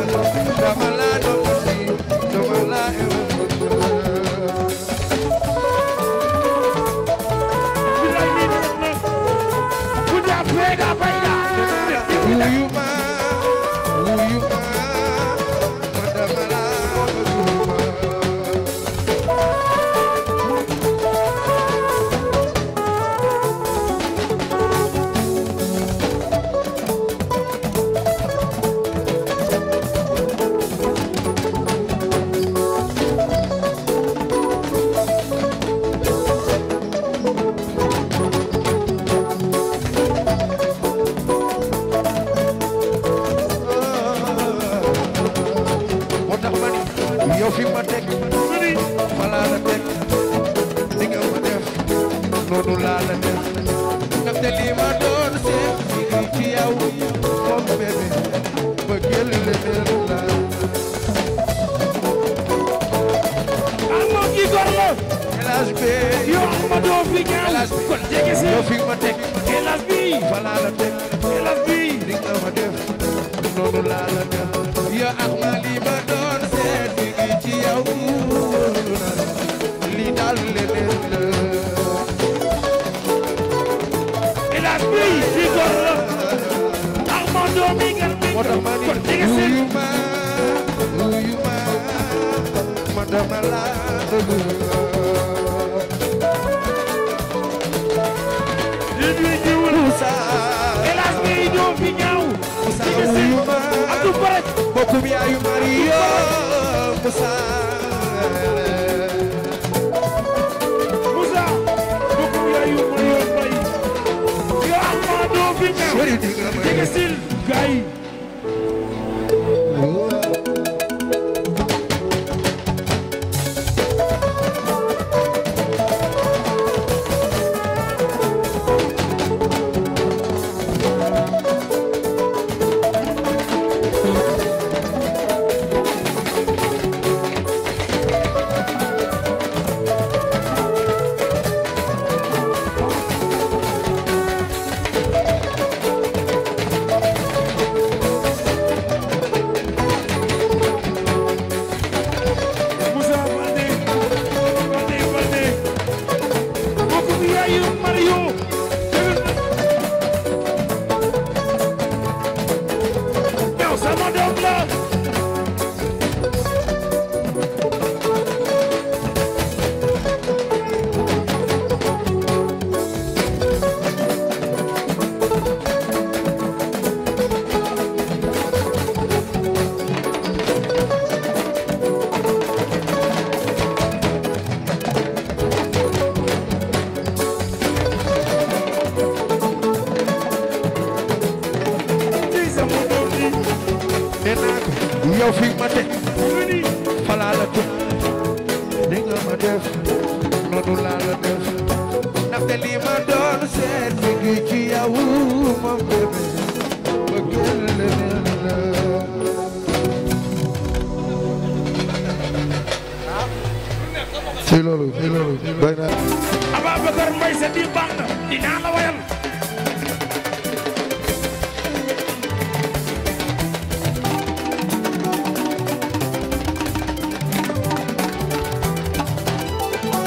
da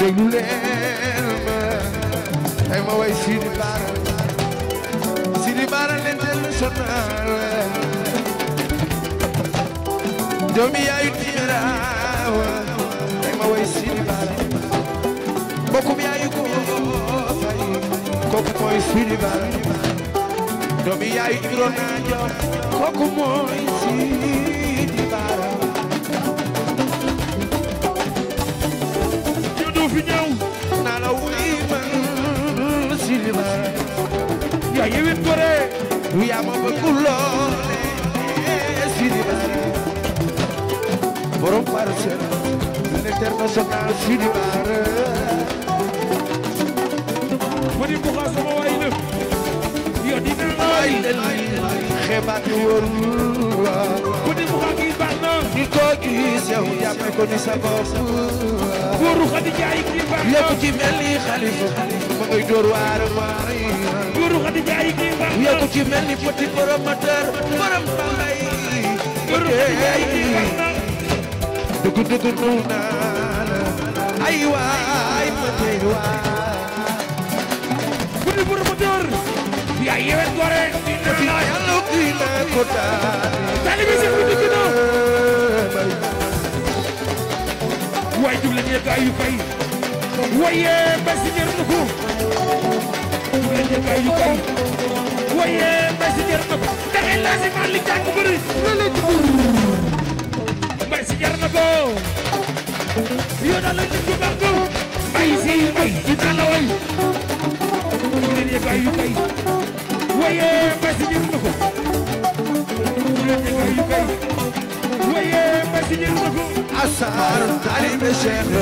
déglu leen ma ay ma way Sidi Bara Sidi Bara l'international doomi yaayu tiiraaw ay ma way Sidi Bara bokkum yaayu ko fay kooku mooy Sidi Bara doomi yaayu iroon naa jox kooku mooy Sidi gore du ma bëgg loole Sidi Basir borom parcelle l'international Sidi Bar ma di buxa sama waay na yo di na waay xebaat yoon ma di buxa gi baax na di ko gis yow jàppe ko sa bopp góoru xadi jaay gi baax na lépp ci mel ni xalifa ma ngay door waar waay góoru xadi jaay gi yow ku ci mel ni petit promoteur borom Bambay dugg dugg nuyu naa la ay waay ma tey waay petit promoteur yaa yewet gore dina la yàlla dina ko daal talibi ku dugg na waay jublu ñee waaye Mbaye si jar na ko da li jàng bëri la lay tudd Mbaye si jar na ko yow daal la ñu asaar taalibe Cheikh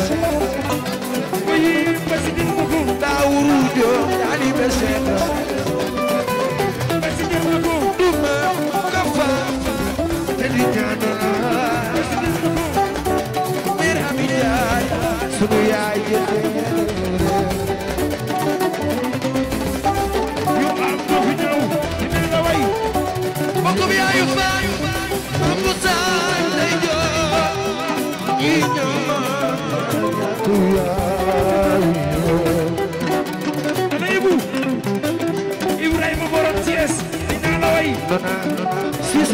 waaye Mbaye si jar na ko daawuru joo taalibe Cheikh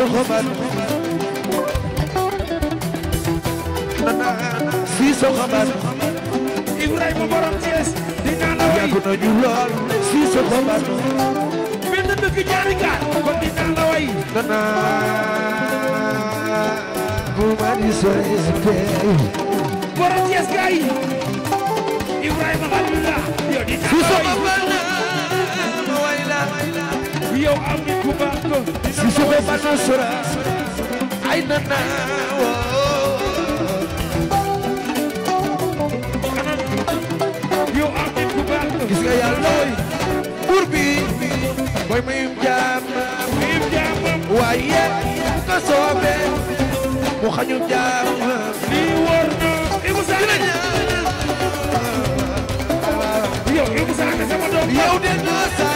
soxoman si soxoman Ibrahima borom Thiès di naan way yàgg na ñu lool si soxoman benn dëkk di naan la way nana bu di sori si pey borom Thiès di naan la way yo am nit ku baax si suba ba ay nana yo yow am nit ku baax ko gis nga yàlla looy buur bi mooy muyum jaamam muyum jaamam waaye bu ko soobee mu xañu jaamam lii wóor na Ibou Sane yow Ibou sama doom de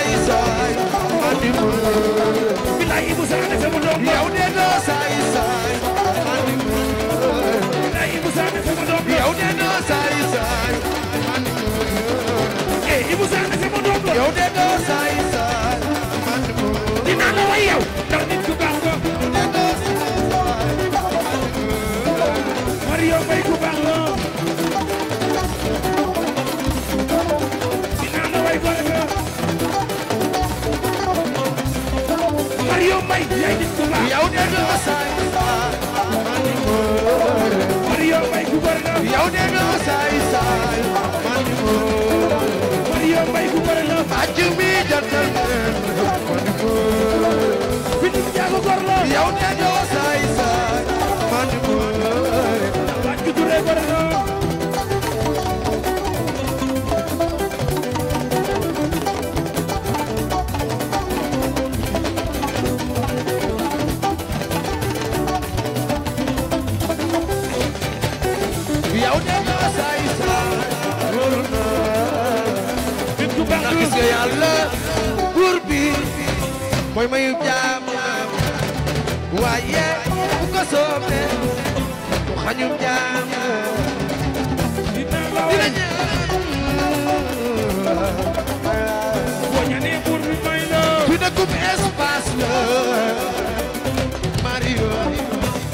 yow de do say say man moore man yow may gouverneur yow de do say say man moore man yow may gouverneur fàcc mi jantal man moore fi ñu jaago gor la yow de yàlla buur bi mooy mayu jaamam waaye bu ko soobee mu xañu jaamam dina ñëw boo ñanee buur bi may la dina gub espace la Mario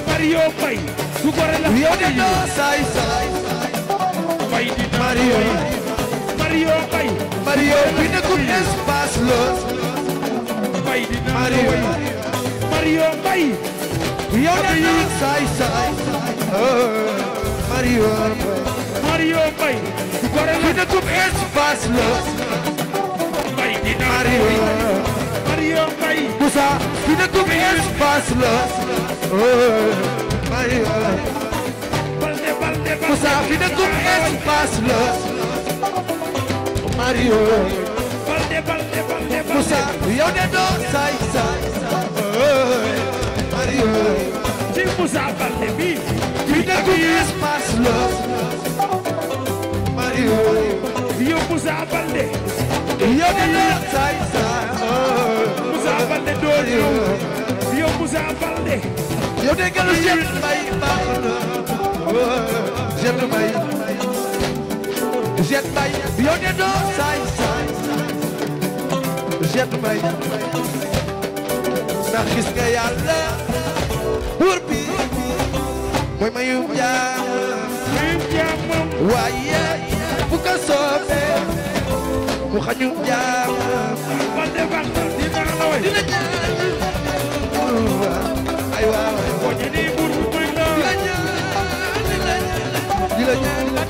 Mario Fay su ko re la yow de doo saay saay Fay di Mario Mario Mbaye Mario bi nekkul espace la Mbaye Mario Mario Mbaye yow de yi saay saay Mario Mario Mbaye gore bi nekkul espace la Mbaye Mario Mario Mbaye Moussa bi nekkul espace la Mario Moussa bi nekkul espace la Mario balde balde balde Moussa yow de doo saay saay Mario ci Moussa ah, balde bi ci de ku yes pas lo Mario yow Moussa balde yow de doo saay saay Moussa balde doo yow yow Moussa balde yow de galu jël bay baax na jël bay Jet Bay Bionendo Say Jet Bay ndax gis nga yàlla buur bi mooy mayu jaam waaye bu ko soobee mu xañu jaam dina ñaan ay waaw dina ñaan dina ñaan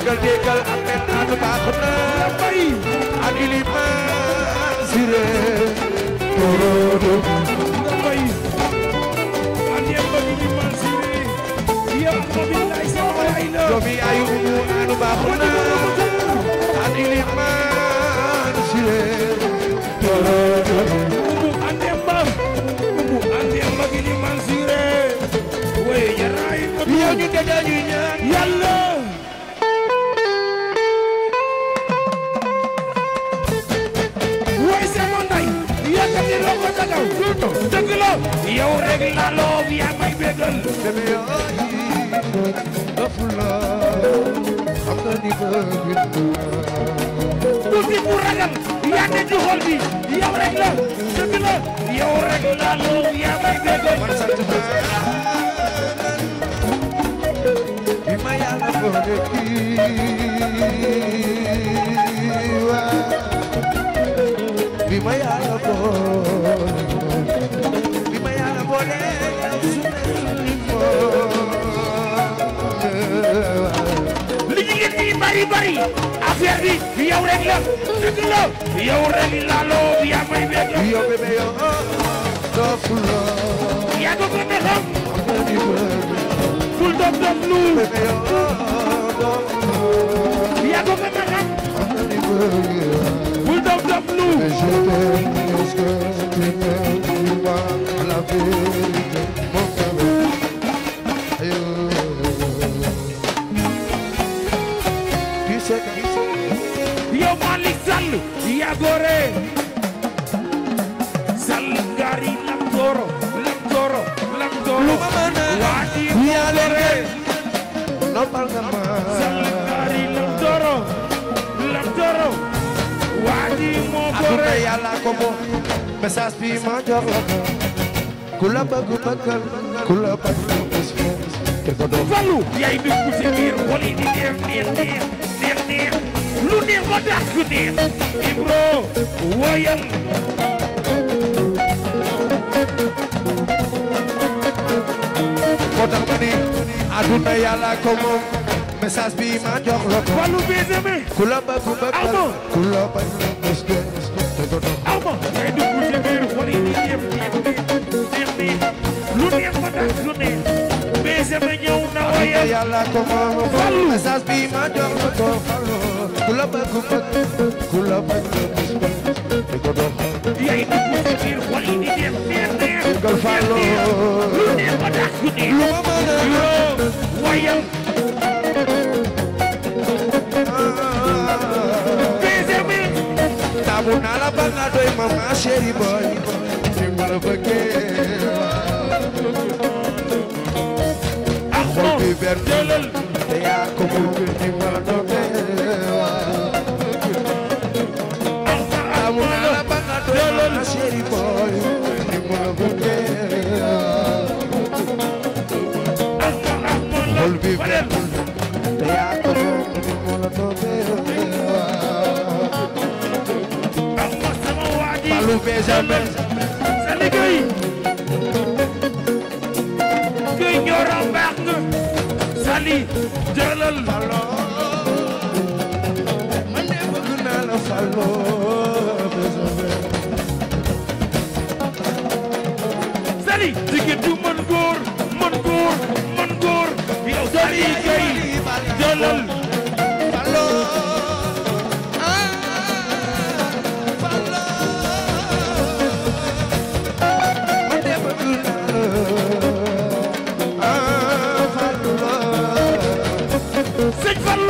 jegal-jegal aten anu takutna pai adi lima sire torodo pai adi bagi lima sire dia kami laisa aina kami ayu umu anu bakuna adi lima sire torodo adi mbah umu bagi lima sire we ya rai iya. dia nyu dadanyunya iya. toog dëgg la yow rek la loob yaa may bégal deme yaayi afula xam nga ni bi yow rek la yow rek la loob yaa may bégal man sant ba bi ma yàlla boole yi bari affaire bi yow rek la dëgg la yow rek la loo yaa may béy. yow bébé yow dof la. Oh, yaa ko gën a xam. bul dof dof lu. yaa ko gën a xam. bul dof dof lu. je t'aime jusqu'à ce que tu ne dis pas la vérité. gore salgari lam goro lam goro lam goro wadi gore noppal nga ma salgari lam goro lam goro wadi mo gore aduna yàlla ko mo message bi ma jox la ko ku la bëgg bëggal ku la bëgg bëggal te ko do fallu yaay dugg ci biir woli di dem neex neex lu ne ma dax ku ne Ibro woyam moo tax ma ne àdduna yàlla ko moom message bi ma jox la ko walu bi deme ku la bëgg bëgg ku la bëgg dafa ñëw na wayal yàlla ko moom message bi ma jox la ko ku la ku la bañ ko bis ba di ko dox yay nag mu ci biir xol yi di dem neex neex dugal fàllo ba tax lu ne lu ma mën a yoo la ba nga doy mama chérie boy fi ma la bëggee vert jëlal te yaa ko bëgg di ma dogeewa amuna la banga jëlal chéri boy di ma dogeewa xol bi vert te yaa ko bëgg di ma dogeewa balu be jamais Jalalalala.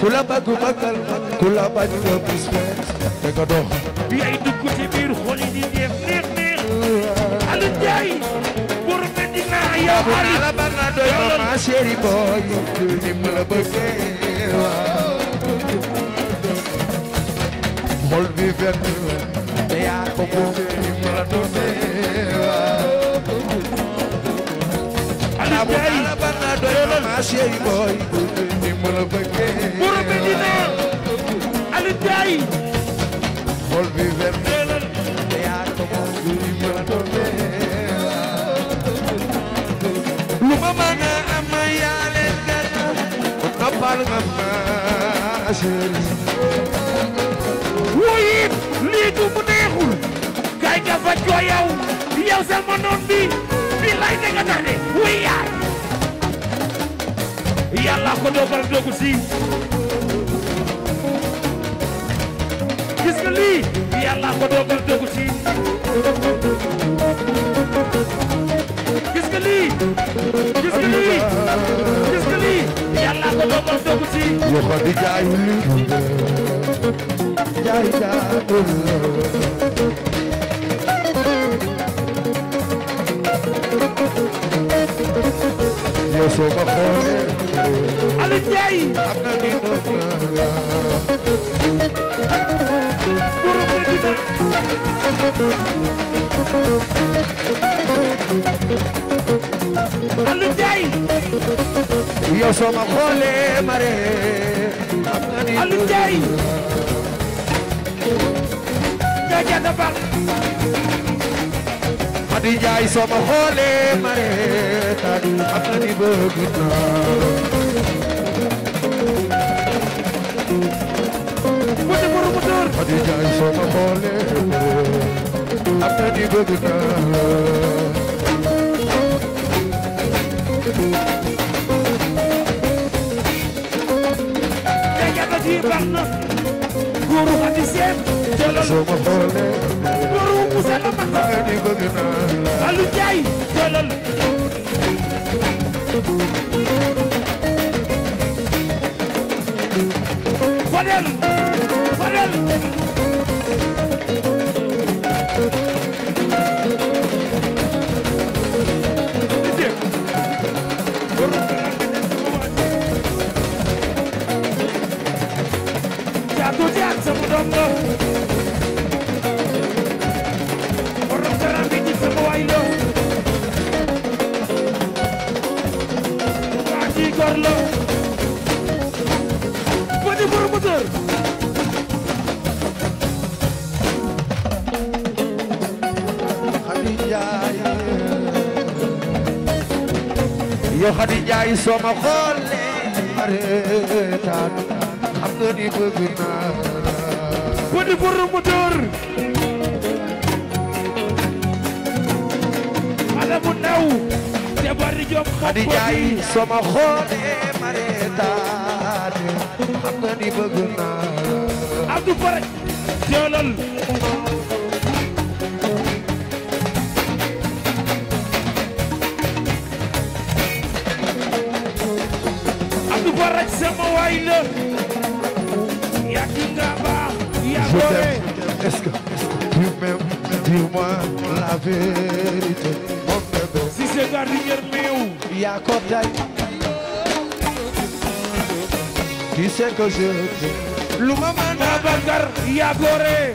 ku la bëgg bëggal ku la bañ nga bis fees te nga dox bi ay dugg ci biir xol yi di def neex neex Aliou Ndiaye pour Medina yow Aliou la bëgg na doy ma ma chéri boy ni mu la bëggee waaw xol bi fenn te yaa ko moom ni mu la doonee waaw Aliou Ndiaye la bëgg na doy ma ma chéri boy ma la bëggee. buuru bi dina Aliou bi vert. te lu ma mën a am yaa leen gànnaar. noppal nga ma chéri. wuyu lii du mu neexul. kay nga fa joo yow. yow sama noon bi. bii lay nga tardé. wuy yaay. yàlla ko doo pare doo ko siiw gis nga lii yàlla ko doo pare doo ko siiw gis nga lii gis nga lii gis nga lii yàlla ko doo pare doo ko siiw yo ko di jaay jaay jaay yow soo ma xoolee. Aliou Ndiaye. am na ni doon naa la. Aliou Ndiaye. yow soo ma xoolee ma ree. am na ni Aliou Ndiaye. jaajëfal. di jaay soo ma xoolee ma reetaanu xam na ni bëgg naa mu demoon mu door ma di jaay soo ma xoolee xam na ni bëgg naa te jabat yi baax na góoru xati seen jëlal soo ma xoolee Alu Njaay jëlal Fadel Fadel yow Khady Ndiaye soo ma xoolee reetaan xam nga ni bëgg naa la. wadi pour moteur. ala mu ndaw. te bari jom moom Khady Ndiaye ma reetaan xam nga bëgg naa la. Abdou Fare. sama waay la yaa ngi nga baax yaa gore est-ce que tu m'aimes dis-moi la vérité mon bébé si c'est gardien meu yaa ko tay tu sais que je t'aime lu ma mën Babacar yaa gore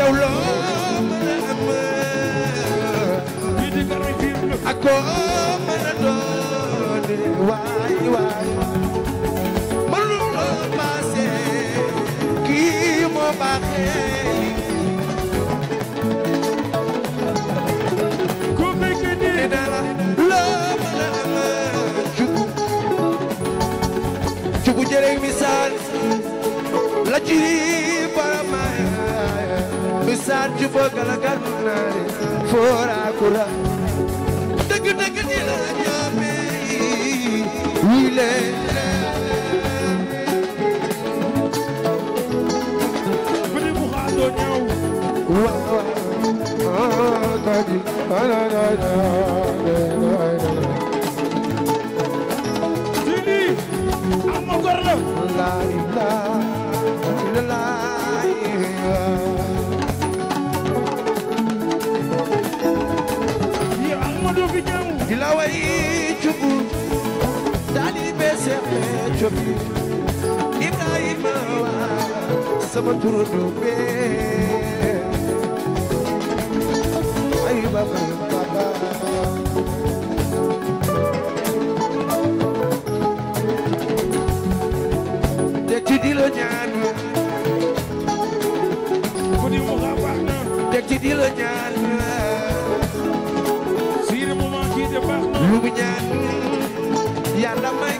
yow loo mën a am di ko rafetlu ak koo mën a doon waay waay mënuloo passé kii moo baaxee ku bëgg di dara loo mën a am jugu jugu jërë misaal la ci sarju bogal gan nare fora kula dag dag ni ya me wile bri bu hado nyaw wa wa kadi ala la la la la la bi Ibrahima waa sama turando bee ay baba baba te ci di la ñaan ku di mu xa baax na te ci di la ñaan mu ma kii de baax na lu mu ñaan yàlla may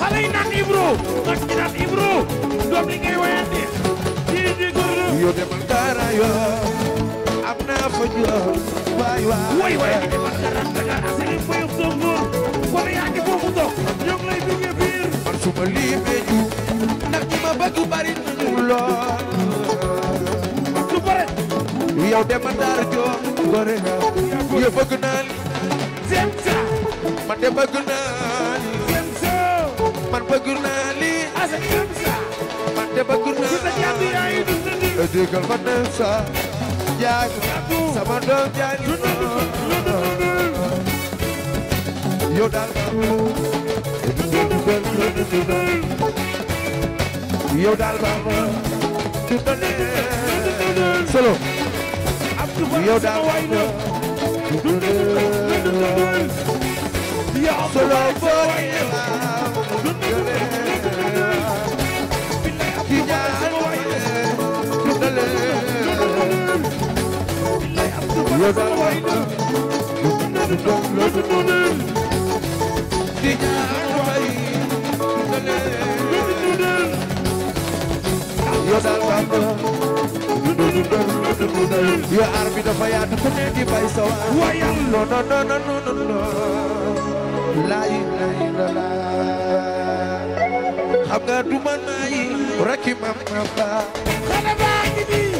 xale yi naan Ibro mag ñi naan Ibro doom li ngay wayante di di góor yo demal dara yo am naa fa jool waay waay waay di demal dara daga asali foyu songor kon yaa ngi foofu toog ñoo ngi lay duggee biir man su ma limee ju ndax ñi ma bëgg bari nañu lool su pare yow demal dara jo gore yo bëgg naa li seen sa man de bëgg naa bëgg naa lii asa comme ça man de bëgg naa sa jàpp yaay du digal ma ne sa jaag sama doom jaag yow daal yow daal ba ma tuddalee solo yow daal ba ma tuddalee solo boo yo ar bi dafa yaatu ku ne di bay sa waar wayal non non non non non non la ilaha illa xam nga du man maay rakki mam ma ba xale baa ngi nii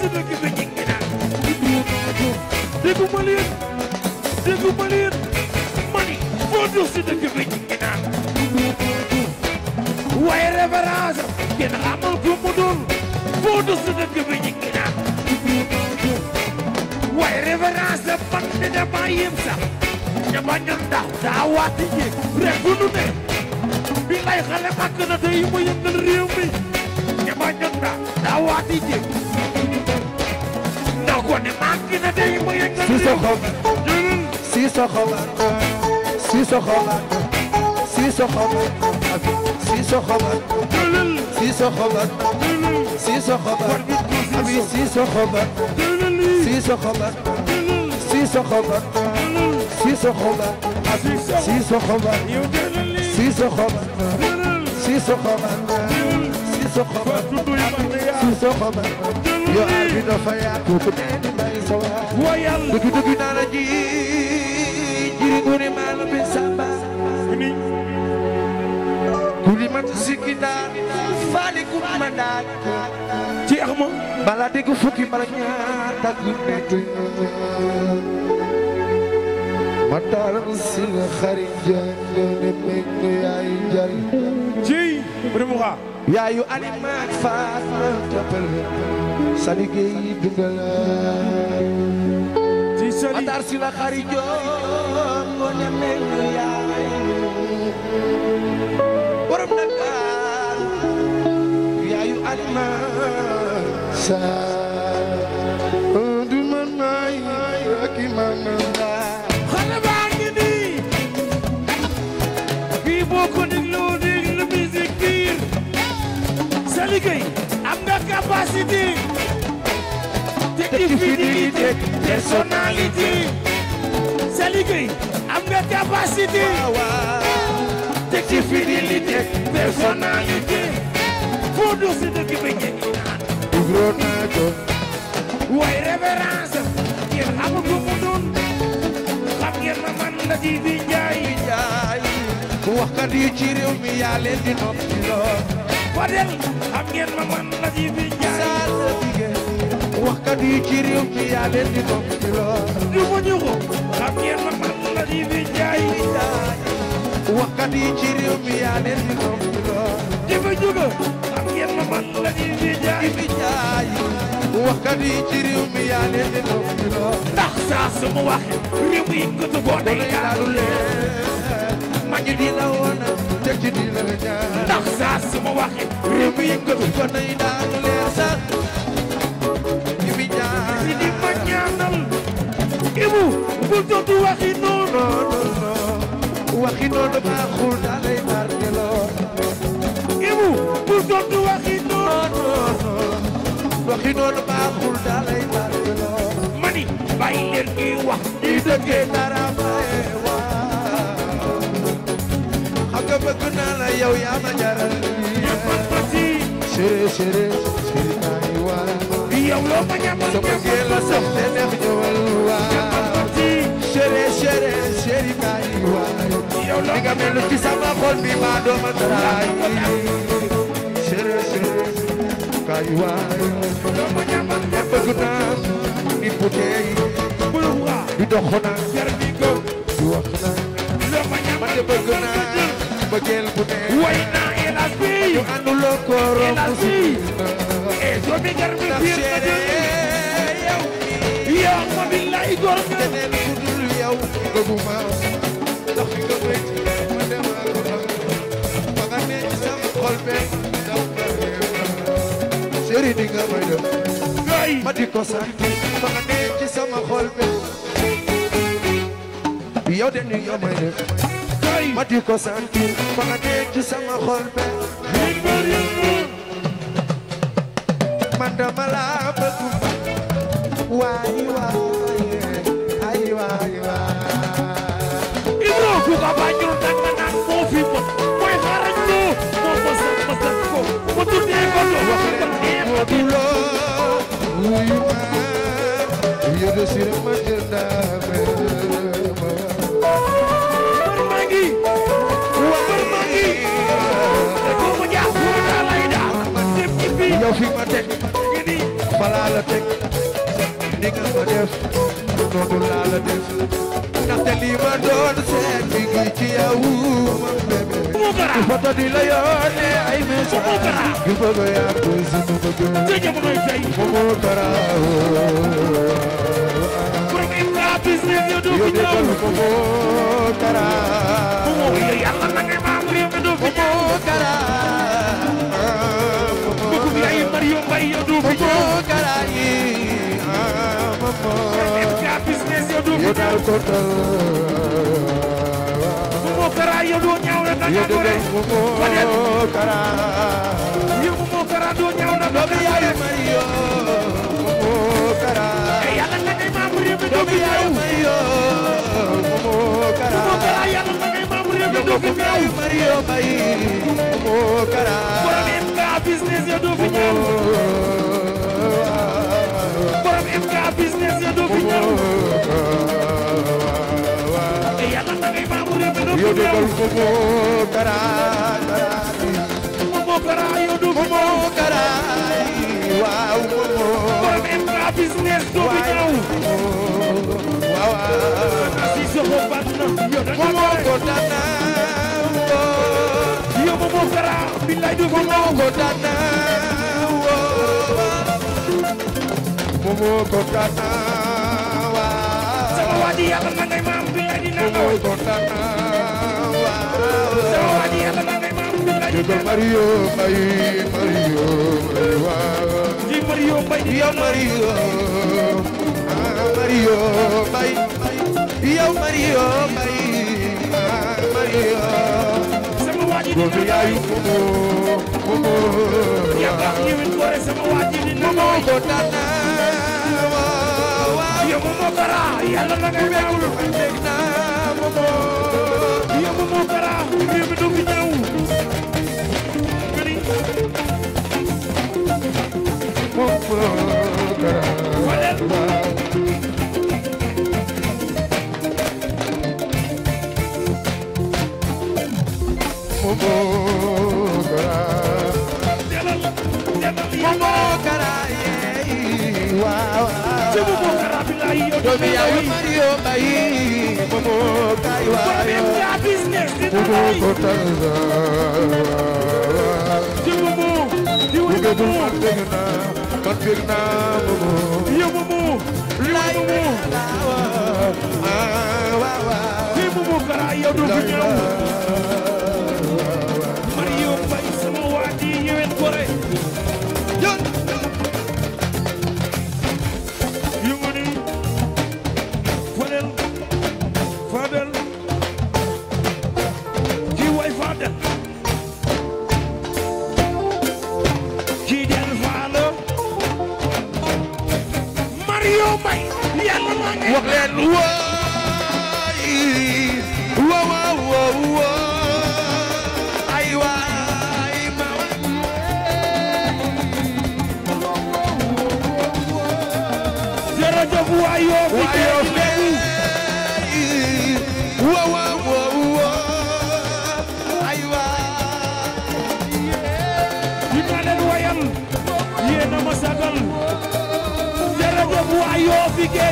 sunu gi bi ñi na déggu ma leen déggu ma leen mani foo dul si dëkk bi ñi na waaye référence kenn xamal ko mu doon foo dul si dëkk bi ñi na waaye référence man de dama yem sax dama ñam daaw daa waati ji rek bu nu ne bi lay xale màgg na tey mu yëngal réew mi dama ñam daaw daa waati ji si soxoba si soxoba سخبة سخبة يا عبد فيا كتبين ما يسوى ويا دك دك نانا جي جيري غوري مال بن سابا كل ما تسكي دار فالكم مدار تي اخمو بلا دك فوكي بلا نيار تاك نيت مدار سين خريجان لمك يا جل جي برمغا yaayu Alima ak Fatma jàppal sa liggéey dundal ci sëriñ Matar si la xari joom yaay borom na gaal yaayu Alima ci fidélité personnalité sa am nga capacité teg ci fidélité personnalité foo si dëkk bi ñetti naan dugroo naa ko waaye révérence ngeen xam ko mu doon ngeen ma man la ci di njaay njaay waxkat yi ci réew mi yaa leen di noppi ngeen ma man la ci di waxkat yi ci réew ci yaa leen di topp ci lool lu ma ñu ko xam ngeen ma man la di fi jaay waxkat yi ci réew mi yaa leen di topp ci lool di fa jóge xam ngeen ma man la di fi jaay fi jaay waxkat yi ci réew mi yaa leen di topp ci lool ndax saa su ma waxee réew mi ko tu boo day daalu leen ma ngi di la woon teg ci di la ñaan ndax saa su ma waxee réew mi ko tu boo day daalu leen sax bul tontu waxi noonu waxi noonu baaxul daa lay barkeloo ibu bul tontu waxi noonu waxi noonu baaxul daa lay barkeloo mani bàyyi leen wax di dëggee dara baye waa xam nga bëgg naa la yow yaa ma jaral chere chere chere ay waa yow loo ma ñamal ñamal li nga mel ci sama xol bi ma dooma taay sere sere kaay waay dooma ñamal ne bëgg naa di dox naa jar bi ko di wax naa dooma ñamal ne bëgg naa bëggeel bu ne way naa elas loo ko romb si e so gar mi biir na yow yow ma billahi góor nga keneen ku dul yow bëgguma sëriñ di nga may def. ma di ko sant ba nga ne ci sama xol bi. yow de ni nga may def. ma di ko sant ba nga ne ci sama xol bi. man dama la bëgg. waaye waaye. Touba Banjul nag na naan moo fi mën mooy xaaral ñu moo mos a mos a ko mu tuddee ko loo wax ko neex ko di loo wuy ma yëde si ma jëndaame yow fi ma teg falaa la teg ni nga ma def noonu laa la def ndaxte lii ma doon seet mi ngi ci yow man bébé Boubacar di foto di la yónnee ay message Boubacar gi bëgg yaa ko sunu bëgg jëjëf mooy fay Boubacar borom Ibra business yow doo fi ñëw Boubacar Boubacar yow yàlla na ngay maam réew mi doo fi ñëw alkota mo kara yo do ñaaw na daga gore mo kara yo mo kara do ñaaw na daga yaay mariyo mo kara yalla na ngay maamu rew mi do yaay mariyo mo kara mo kara yalla na ngay maamu rew mi do yaay mariyo bay mo kara borom MK business yo do fi ñaaw borom MK business yo do fi ñaaw eu do bom carai, bom carai, eu do bom carai, uau, fumo Vai entrar business do milhão. Uau, uau. Fumo, eu vou bater, eu vou cortar na. Né, eu vou mostrar, bilai do bom cortar na. Fumo, cortar na. Salawadi, ela não é mamãe, bilai do não cortar na. Jégal Mario Mbay Mario Mbay waaw di Mario Mbay yow Mario ah Mario Mbay yow Mario Mbay ah Mario sama waaji do yaayu mo mo ya baax ni wit ko sama waaji ni mo ko tata waaw yow mo bara yàlla na nga beewul fay dégg naa mo yóbbu mu dara réew mi du fi ñëw gëni Yow du fi ñëw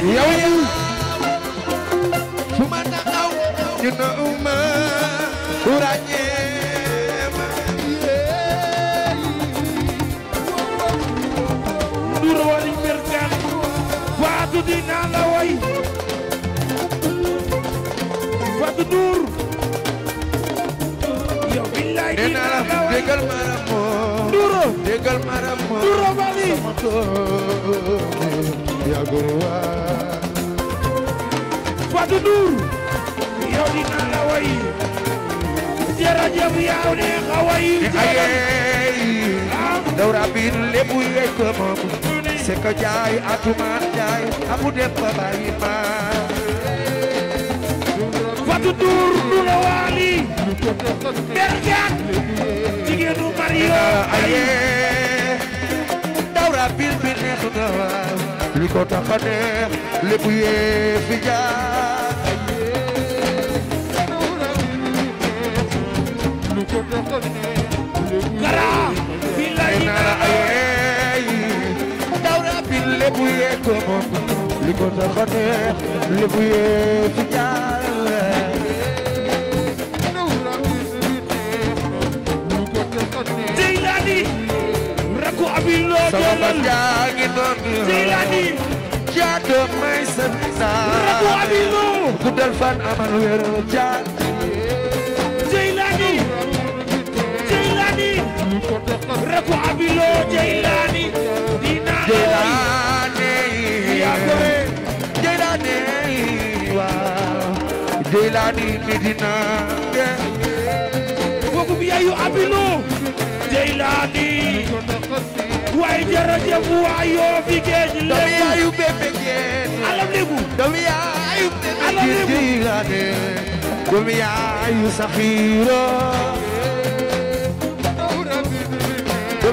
yow you know ma ku ràññee ma yéey ndur wali merkaan faatu la way faatu ndur yow billaay dinaa la way déggal ma la moo nduro déggal ma la moo nduro wali yaa góor waa faatu ndur yow dinaa la way jërëjëf yow ne nga way jërëjëf daw rabin lépp yey ko moom c'est que jaay atumaan jaay amu dem ba bàyyi ma fatu tuur du la waali berjaat jigéenu Mario aye daw rabin bi neex nga li ko tax a neex lépp yee fi jaay Kara bilay nara ay dawra bil lépp yee ko moom li ko tax a neex lépp yee ci jaar Jeylani rakku abil loo doolal Jeylani jaado may sa naa rakku abil loo guddal fan amal wér jaar reku abilo Jeylani dinaa Jeylani Jeylani Medina wogu bi yayu abilo Jeylani waay jërëjëf waayo fi géej lebu doomi yayu bébé géej alam lebu doomi yayu bébé géej Jeylani doomi yayu saxiiro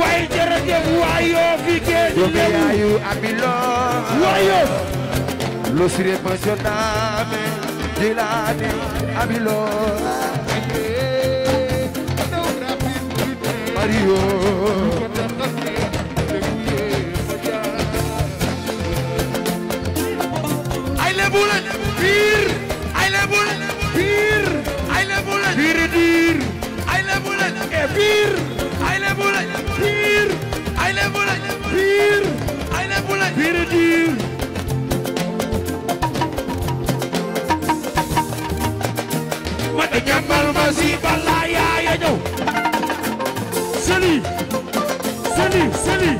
waaye jërëjëf waayoo fi géej lébu yow yaayu abilo waayo lo sire pensionname dilane abilo Mario ay lébu la biir ay lébu la biir ay lébu la biir biir ay lébu la eh, biir ay lébu la Pire. Ayla bu la pire dur. ma te jàppal ma si balaa yaa ya ñëw. Sëli. Sëli Sëli.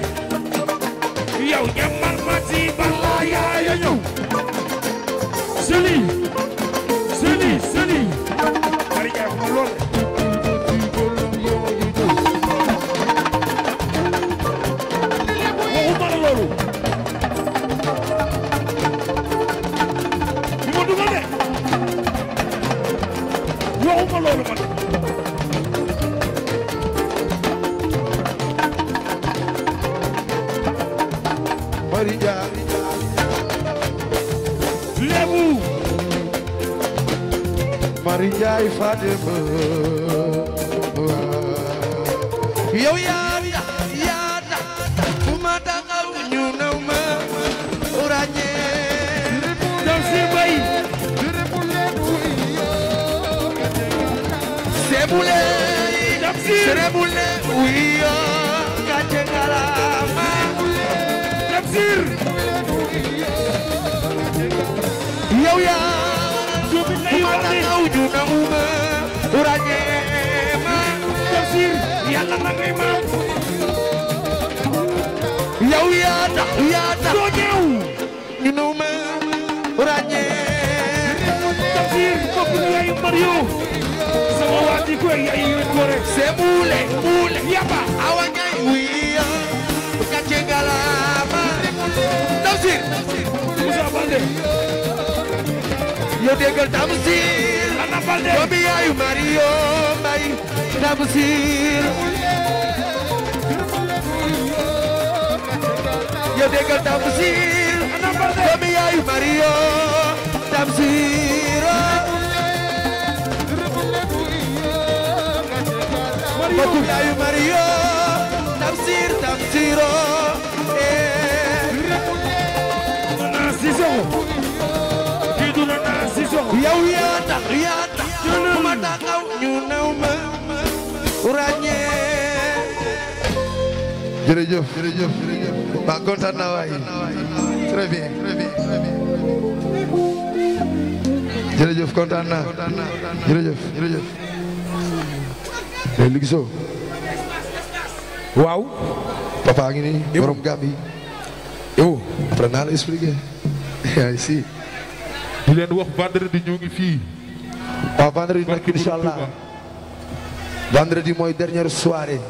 yow jàppal ma si balaa yaa ya ñëw. Sëli. Marija Lebu Marija ay Fatima yow yaa yaa tax fu ma taxaw ñu naw ma ràññee Lebu daw si bay Lebu Lebu yoo Sebule Sebule yoo gàcce ngalaam Basir yow yaa mana nawju nawuma urañeema Basir yàlla na ngay ma yow yaa tax yaa tax doo ñëw ñu nawuma urañeema Basir bokk na yaayu Mario sama waati ko yaayu wen ko rek c'est moule moule yaba awa Tamsir Moussa Baldé yow Tamsir ana Baldé yaayu Mario Mbay Tamsir yow déggal Tamsir ana Baldé yaayu Mario Tamsir doomi yaayu Mario Tamsir Tamsir Yauyata, yata, junum mata kau nyunau uranye. Jerejo, jerejo, jerejo. Bakon tanawai. Trevi, trevi, trevi. Jerejo kontana. Jerejo, jerejo. Eligso. Wow. Papa ngini, borom kami. Yo, pernah expliquer. Ya isi di leen wax vendredi ñu ngi fi wa vendredi nak inshallah vendredi moy dernière soirée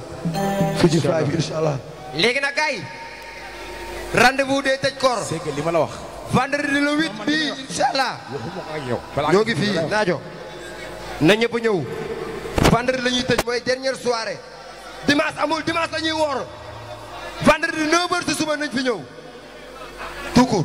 fi ci fay insha allah léegi di gars rendez-vous dé tej kor c'est que lima la wax vendredi le 8 bi inshallah ñu ngi fi najo na ñepp ñew vendredi lañuy tej moy dernière soirée dimanche amul dimanche lañuy wor vendredi 9h ci suba nañ fi ñew tout court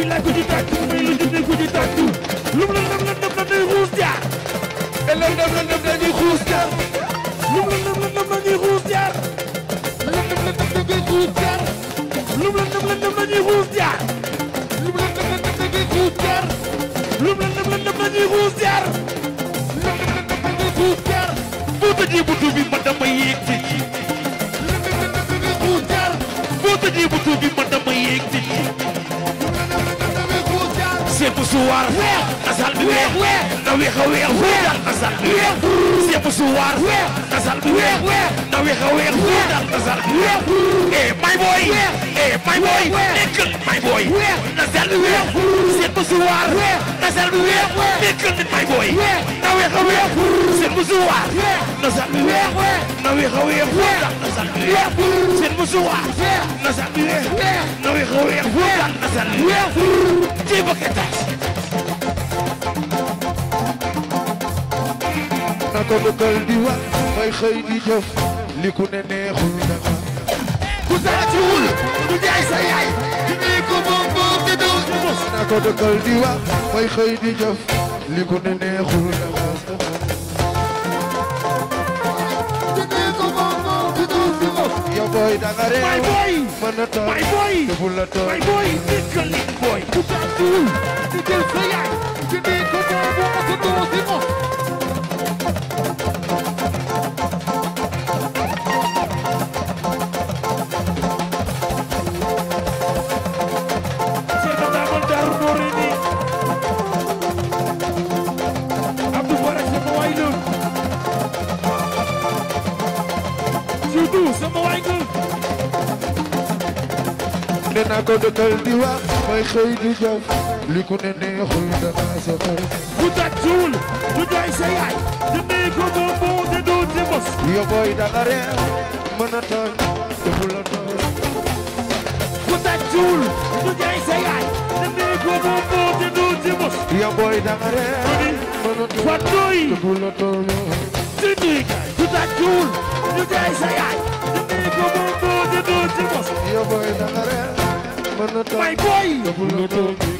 billaay ku ci tàkk may lu jubli ku ci tàkk lu mu lëndëm lëndëm dañuy xuus jaar te lëndëm lëndëm dañuy xuus jaar lu mu lëndëm lëndëm dañuy xuus jaar lëndëm lëndëm dañuy xuus jaar lu mu lëndëm lëndëm dañuy xuus jaar lu mu lëndëm lëndëm dañuy xuus jaar lu mu lëndëm lëndëm dañuy xuus jaar lëndëm lëndëm dañuy xuus jaar boo tëjee buntu bi ma dama yéeg ci lëndëm lëndëm dañuy xuus jaar boo tëjee buntu bi ma dama yéeg ci Sépp suwaar weer tasal bi weer weer na weex a weex weer daal tasal bi weer Sépp suwaar weer tasal bi weer weer na weex a weex weer daal tasal bi weer eh may booy eh may booy nekkal may booy tasal bi weer Sépp suwaar weer tasal bi weer nekkal may booy na weex a weex Sépp suwaar tasal bi weer na weex a weex weer daal tasal bi weer Sépp suwaar tasal bi weer na weex a weex weer daal tasal bi weer ciy bëgg na ko bëggal di wax may xëy di jëf li ku ne neexul dafa ku dara ci wul du jaay sa yaay di nii ko moom moom na ko bëggal di wax may xëy di jëf li ku ne neexul dafa boy da nga réew my boy mën a tooy my boy te bul la tooy my boy dikkali boy ku tànn di jël sa yaay di ko boobu ak doosi mo naa ko dëkkal di wax may xëy di jëf li ku ne neexul dama sa xarit bu tàccuwul du jooy sa yaay di nuyu ko moom moo te du ci mos yo booy danga reer mën a tooñ te bu la tooñ bu tàccuwul du jooy sa yaay di nuyu ko moom moo te du ci mos yo booy danga reer mën a tooñ te bu la tooñ di nuyu du tàccuwul du jooy sa yaay di nuyu ko moom moo te du ci mos yo booy danga reer my boy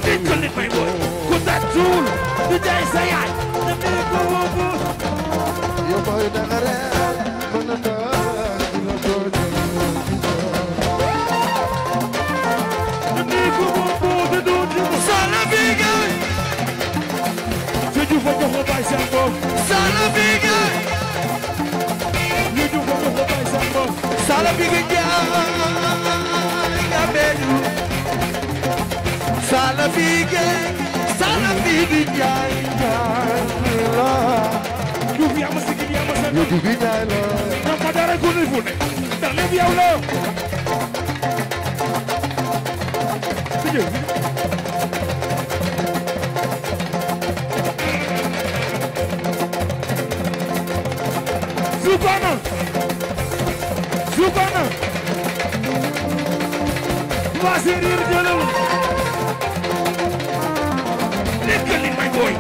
dikkal nit may boy ku tàccul du jaay sa yaay na mee ko woobu yow boy danga reer mën na toog na mee ko woobu da doon di mu saala bii gaay su juufa jox ko baay seen bopp saala bii gaay ñu juufa jox ko baay seen bopp saala bii gaay salafi ge salafi bi jaay jaay la Diouf yaa ma sigil yaa ma sa Diouf bi jaay la na fa dara ku ni fu ne da lebi yow la Zubana Zubana Waa Seereer jëlal live killing my boy.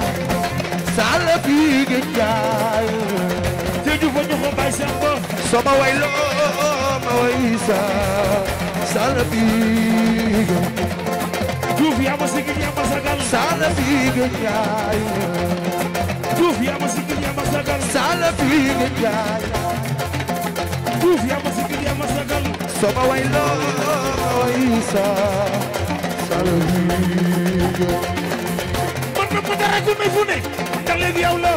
Salafi Genjal. Did you want to go by Sambo? Sama way lo, ma way sa. Salafi Genjal. Duf ya masiki ya masakan. Salafi Genjal. Duf ya masiki ya masakan. Salafi Genjal. Duf ya masiki ya masakan. Sama way lo, ma way sa. Salafi Genjal. ku dara ku ne fu ne dalal yow la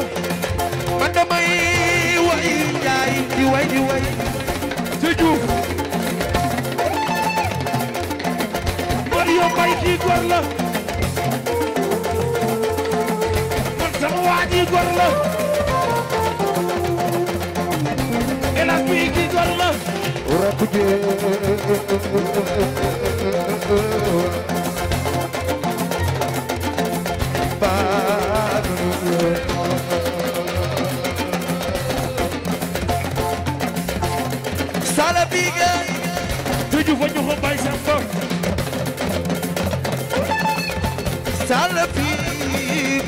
man damay way njaay di way di way ci Juuf man yow bay kii góor la man sama waa ji góor la elaas bi kii góor la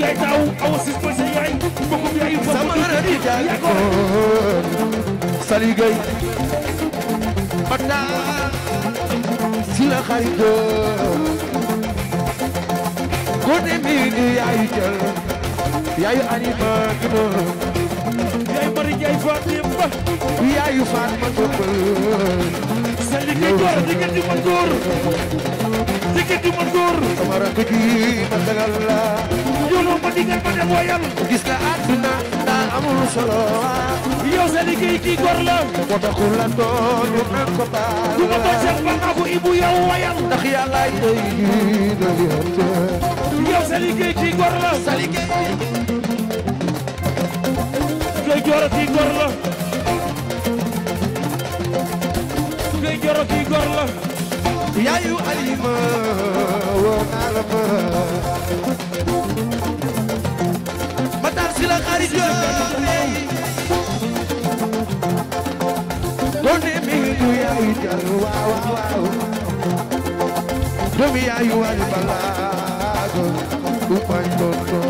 yaay taw awa sis ma sa yaay mbokkum yaay samara di jàngoon sali gay banda si la xaritoon gone mi di yaay jël yaayu anima gënoon yaay mari yaay faat yëpp yaayu faat ma tëbbal dikit dikit dimundur dikit dimundur Semarang pergi matagala yolo mendingan pada wayang giska aduna tak amul solo yo sedikit iki gorla kota kulando kota kuma bajang pangku ibu ya wayang tak ya lay dari hati yo sedikit iki gorla sedikit di gorla goro ki gor la yaayu alima woo naa Matar sila la xarit yooney ya. doone mi du yaayu jar waaw waaw doomi yaayu wal balaago du bañ tonto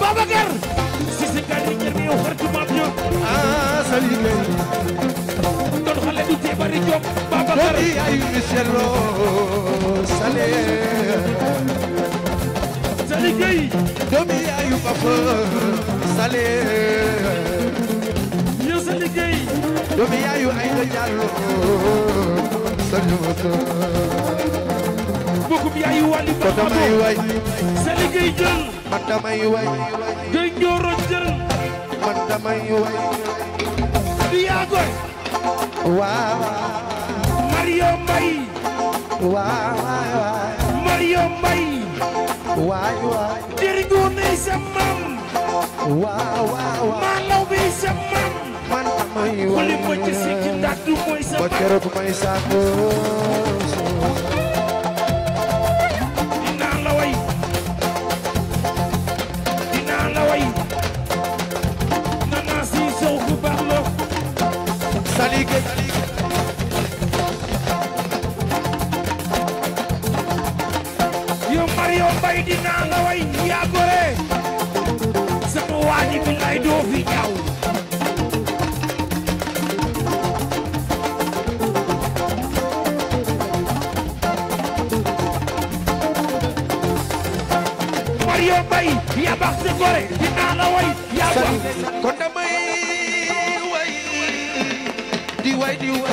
Babacar si si kari ñer mi xartu mab yo ah sali Babacar ay Michel Lo Salé Salé Gueye doomi ayu Bafa Salé yo Salé Gueye doomi ayu Aïda Salé bokum yaay wali Bafa Salé Gueye jël man damay way gay ñoro way di yaa goy waaw Mario Mbay waay waay waay Mario Mbay waay waay dirgo ne samam waay waay waay ma law bi samam man may waay kuli mo ci sikki dadu moy samam ba keroog may saako dinaa la way dinaa la way nana si sow bu baax lo salige dinaa a way yaa gore sama waa ji billaay doo Mario Bay yaa baax si gore dinaa la way yaa gore kon di way di way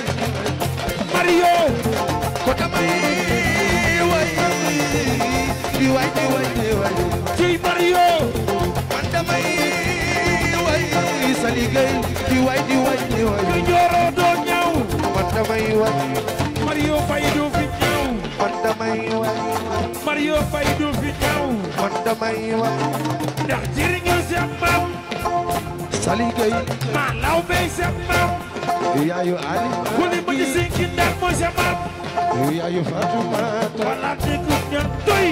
Mario kon damay di way di way di way ci Mario man damay way sa liggéey di way di way di way ñu ñoro do ñaw man damay way Mario Faye do fi ñaw man damay way Mario Faye do fi ñaw man damay way ndax jëriñu sa maam sa liggéey ma law bay sa maam yaayu Ali ko ni ma ci sinki ndax mooy sa maam yow yaayu Fatoumata wala déggu ña doy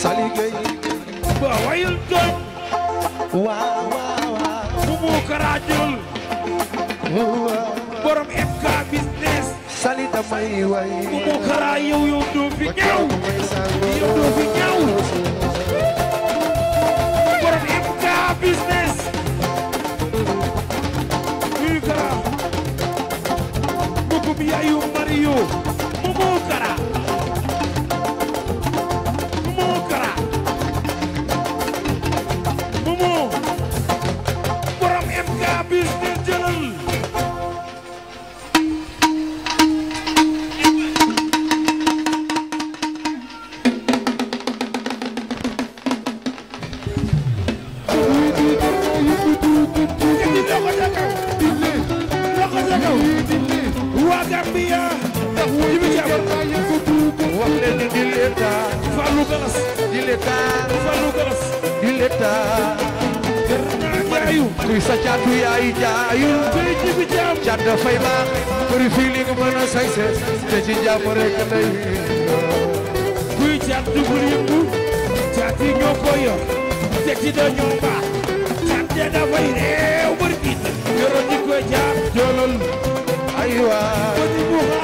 Sali Gueye ba wayul doy waa waa waa mu mu karaajul borom FK business Sali damay way mu mu karaa yow yow doo fi ñëw yow doo fi ñëw borom FK business mu mu karaa mu mu yaayu Mario bumbum, cara! yaay jaayul kuy ji bi jaam jar dafay baax bëri fii li nga mën a sañse te ci jàmm rek lay kuy jar dugul yëngu jar yi ñoo ko yor te baax jar de dafay réew bëri it yoroon di koy jaar joolal ay waa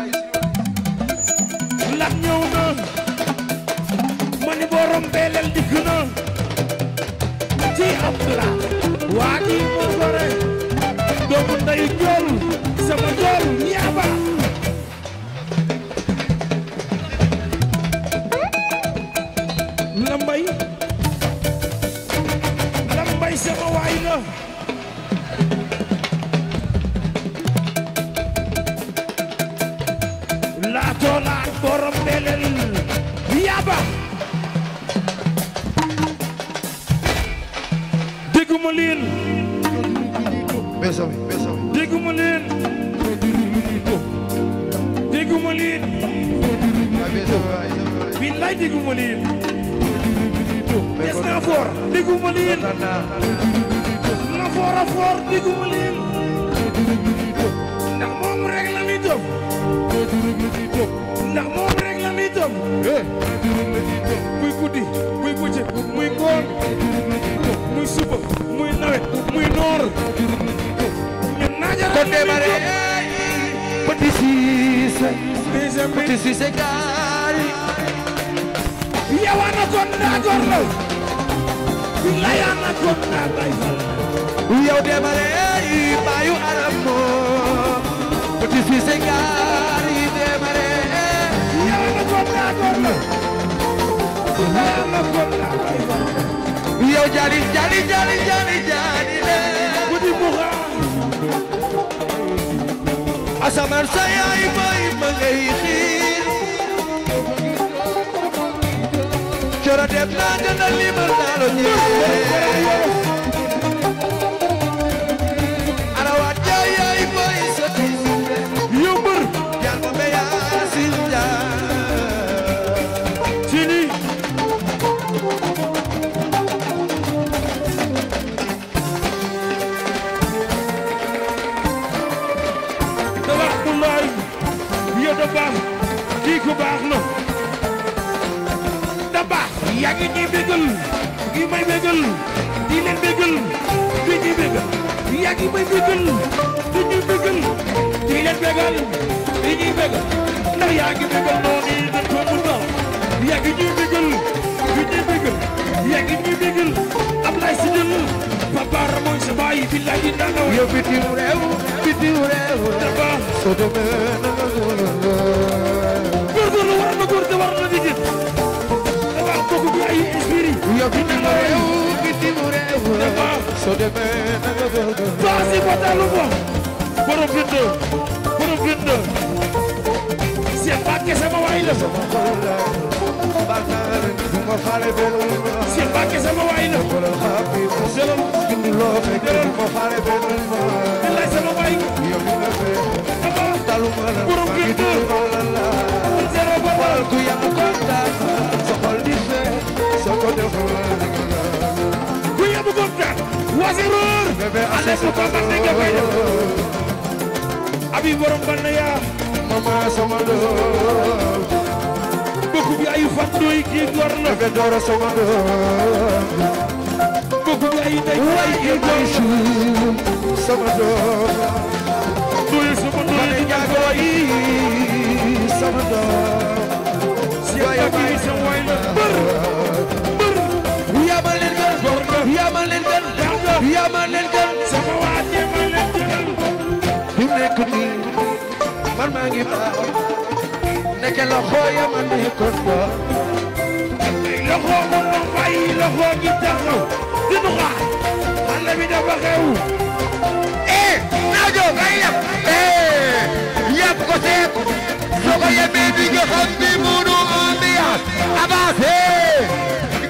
kii moo gore doomu ndeyu jool sama jool for diguma liin na for a for diguma liin ndax moom rek la mi doom ndax moom rek la mi doom muy guddi muy bëccëg muy ngoon muy suba yawana kon naa gor layan na ko na bay fal yow demale yi bayu aram mo petit fils gar yi demale yow na ko na ko na na ko na bay fal yow jali jali jali jali jali le budi muha asamar sayay bay mangay xii Coro dem naa jëndal li ma laalo ñee yaa ngi ñuy bégal ngi may bégal di leen bégal di ñuy bégal yaa ngi may bégal di ñuy bégal di leen bégal di ñuy bégal ndax yaa ngi bégal noonu yi dañ ko mun na yaa ngi ñuy bégal di ñuy bégal yaa ngi ñuy bégal Ablaye si dënn papa Ramon sa baay billahi dana yow bitim réew bitim réew dafa soo demee soo demee na nga bëgg. soo si bota lu bon. borom bind. borom bind. seen Mbàkke sama waay la. sama xol la. bàkkaar du ma faale benn. seen Mbàkke sama waay la. xoolal xaar bi mu jëloon. bind loo fekk du ma faale benn. billaay sama waay. yow mi nga fee. talu ma la. borom bind. zéro ba. xoolal ku yàlla kontaan. sa xol di fee. soo ko defoo. Wasirur ale ko ko tan nga koy def abi borom ban ya mama sama do bokku bi ay fatdo yi ki gor la bébé doro sama do bokku bi ay day way ki gor sama do duy sama do ne ñago yi sama do si ay ki sama way la yaa ma leen gën sama waat yaa ma leen gën bu nekk nii man maa ngi baax nekk loxo yaa ma nekkoon ba loxo moom ma fay loxo gi taxaw di doxaat àll bi dafa xew eh naajo ngay yab ko seet soo ko yebee bi nga xam ni mu nu ambiance